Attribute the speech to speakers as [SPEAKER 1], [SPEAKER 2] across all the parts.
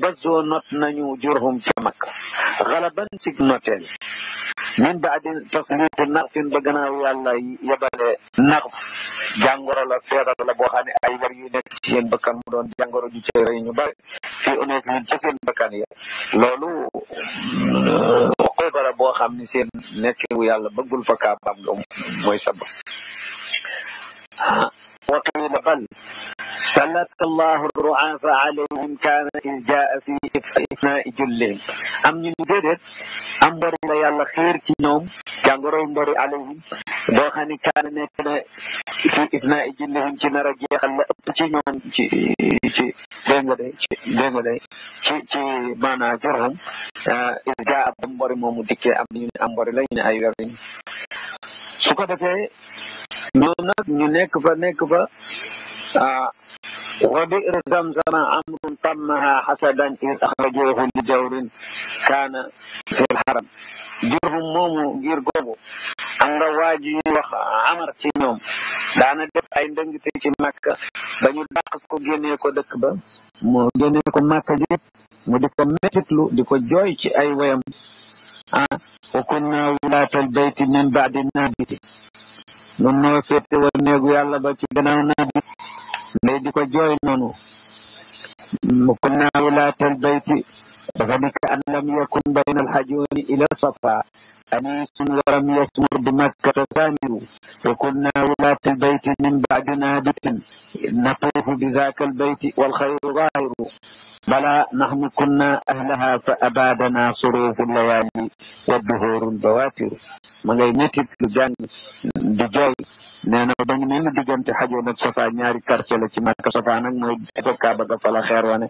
[SPEAKER 1] basoo not nañu jurhum ca Makka xalaban ci noteel min baadin tasliiti naxfin ba gannaaw yàlla yebale nax jàngoro la feebar la boo xam ne ay war yu nekk ci seen bëkkan mu doon jàngoro ju ci rey ñu bari fii honnête yi ci seen bakkan ya loolu feebara mm, boo xam ne seen nekkewu yàlla bëggul fa kaabaam lu mooy sabab waqila bal سلط الله الرعاف عليهم كان إن جاء في إفناء جلهم am ñu ni déedéet am mbari la yàlla xiir ci ñoom jàngoroy mbari alayhim boo xam ne kaana nekk na fi ifnaa i jullihim ci nar a jeexal la ëpp ci ñoom ci ci dégg nga ci dégg nga de ci ci maanaa jorhum ah, irga ab ba dikkee am ñu ne la ñu ne ay wer ñoom nag ñu nekk fa nekk fa وبئر زمزم عمر طمها حسدا إذ أخرجوه لجور كان في الحرم jurhum moomu ngir googu am nga waa ji ñuy wax amar ci ñoom daana def ay ndëng te ci màkka ba ñu dàq ko génnee ko dëkk ba mu génnee ko màkka yëpp mu di ko mettitlu di ko jooy ci ay woyam ah wa kunna wulaatal bayti min baadi naabiti nun noo féete woon néegu yàlla ba ci gannaaw naabi mais di ko jooy noonu mu kunna wulaatal bayti xanika an lam yakun bayna alxajooni ila safa أنيس ولم يثمر بمكة ثاني وكنا ولاة البيت من بعد نابت نطوف بذاك البيت والخير ظاهر بلى نحن كنا أهلها فأبادنا صروف الليالي والدهور البواتر ma ngay métti lu jàng di jooy nee na ba mu ne diggante xajoo nag Safa ñaari quartier la ci Makka Safa nag mooy état Kaaba ga fa la xeer wane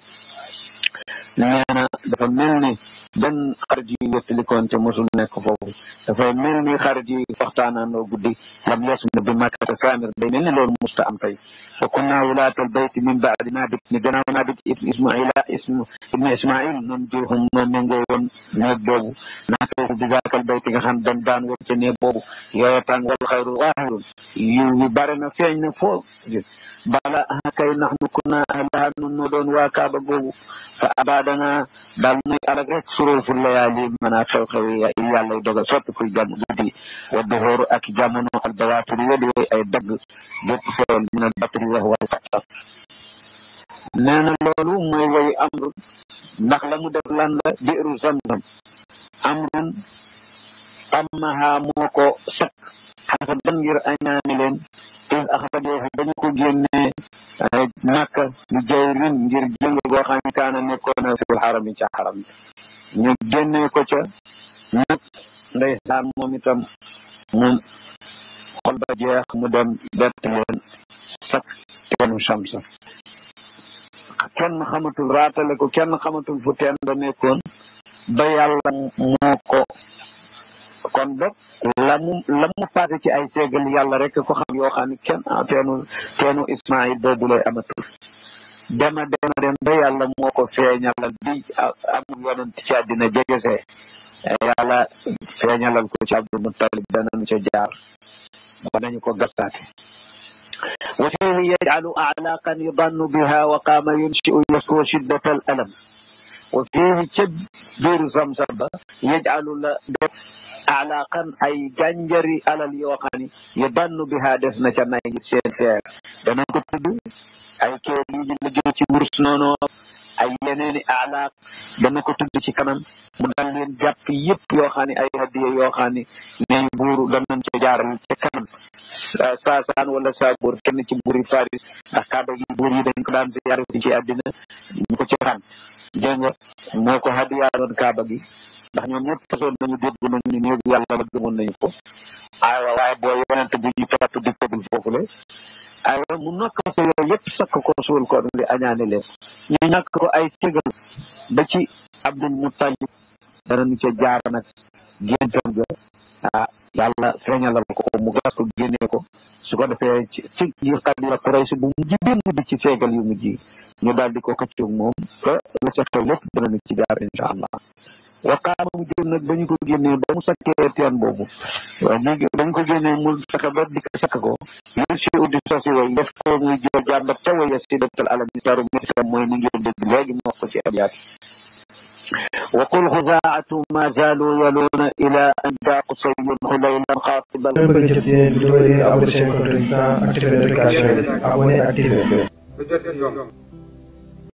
[SPEAKER 1] nee na dafa mel ni benn xarit yu wéttalikoon te mosul nekk foofu dafay mel ni xarit yi waxtaanaanoo guddi lam yasmir bi makkata saamir day mel ni loolu musta am tey wa kunna wulaatal bayti min baadi naabit ni gannaaw naabit ibn ismaila ibn ismail noon diuxum noon nangoo woon néeg boobu naatoofu bi zaakal bayti nga xam dan daan war ca néeg boobu yooyotaan wal xayru waahirun yu bare na feeñ na foofu bala kay naxnu kunna ahlaha nun noo doon waa kaaba fa aba aadama daal muy alag rek surul fi layaali mën a xew xew yàlla doog a sotti kuy jàmm guddi wa duhóor ak ay dagg bépp feewoon mën a batri wal xatar nee loolu mooy woyu amru ndax la mu def lan la biiru zamzam amrun amaha moo ko sakk dafa dem ngir añaane leen is axrajoohu dañu ko génnee Makka bi jawrin ngir jëng goo xam ne kaana nekkoon na fil xaram yi ko ca nag ndeysaan moom itam moom xol ba mu dem bett leen teenu Shamsa kenn xamatul raatale ko kenn xamatul fu ba nekkoon ba yàlla moo ko kon nag la mu la mu paase ci ay séegal yàlla rek ko xam yoo xam ne kenn ah, teenu teenu Ismaïl boobu lay amatul dema dema dem ba yàlla moo ko feeñalal bi ah, amul yonent ci àddina jegesee yàlla feeñalal ko ci Abdul Muttalib danañu ca jaar danañu ko gattaate wa fiihi yajcalu aclaaqan yudannu biha wa qaama yunshiu yaswa shiddat al alam wa fiihi ca biir samsam ba yajcalu alaaqan ay gànjari alal yoo xam ni yu bannu bi haa def na ca may ngir seen seer danañ ko tudd ay keel yi ñu liggéey ci wurus noonu ay yeneeni alaaq dana ko tudd ci kanam mu dal leen jàpp yëpp yoo xam ne ay hadiya yoo xam ne nay buuru danañ ca jaaral ca kanam saasaan wala saabuur kenn ci buuri Faris ndax kaaba gi buur yi dañ ko daan ziyaare ci àddina ñu ko ci xam dégg moo ko hadiyaaloon kaaba gi ndax ñoom ñëpp tasoon ni néeg yàlla la gëmoon nañu ko aywa waaye boo yonent bu ñu topp di tëgul foofu la aywa mu nakk ko yooyu yëpp sakk ko suul ko li añaane leen ñu ñàkk ko ay tegal da ci abdul muttalib danañu ca jaar nag géntam ga ah yàlla feeñalal ko mu gas ko génnee ko su ko defee ci ci yi xabila si bu mujj benn bi ci seegal yu mujj ñu daal di ko xëccoog moom ba la ca xew lépp danañu ci jaar incha allah waqaama mu jëm nag ba ñu ko génnee ba mu sakkee teen boobu ko génnee mu saka ba di ko sakk ko lén si uddi sosi way def ko muy jo jàmbat te waya si dëkkal alam taru mitam mooy ni ngeen dégg léegi mu wax ko ci abiyaat وقل خزاعة ما زالوا يلون إلى أن ذاق سيد حليلا خاطبا. a être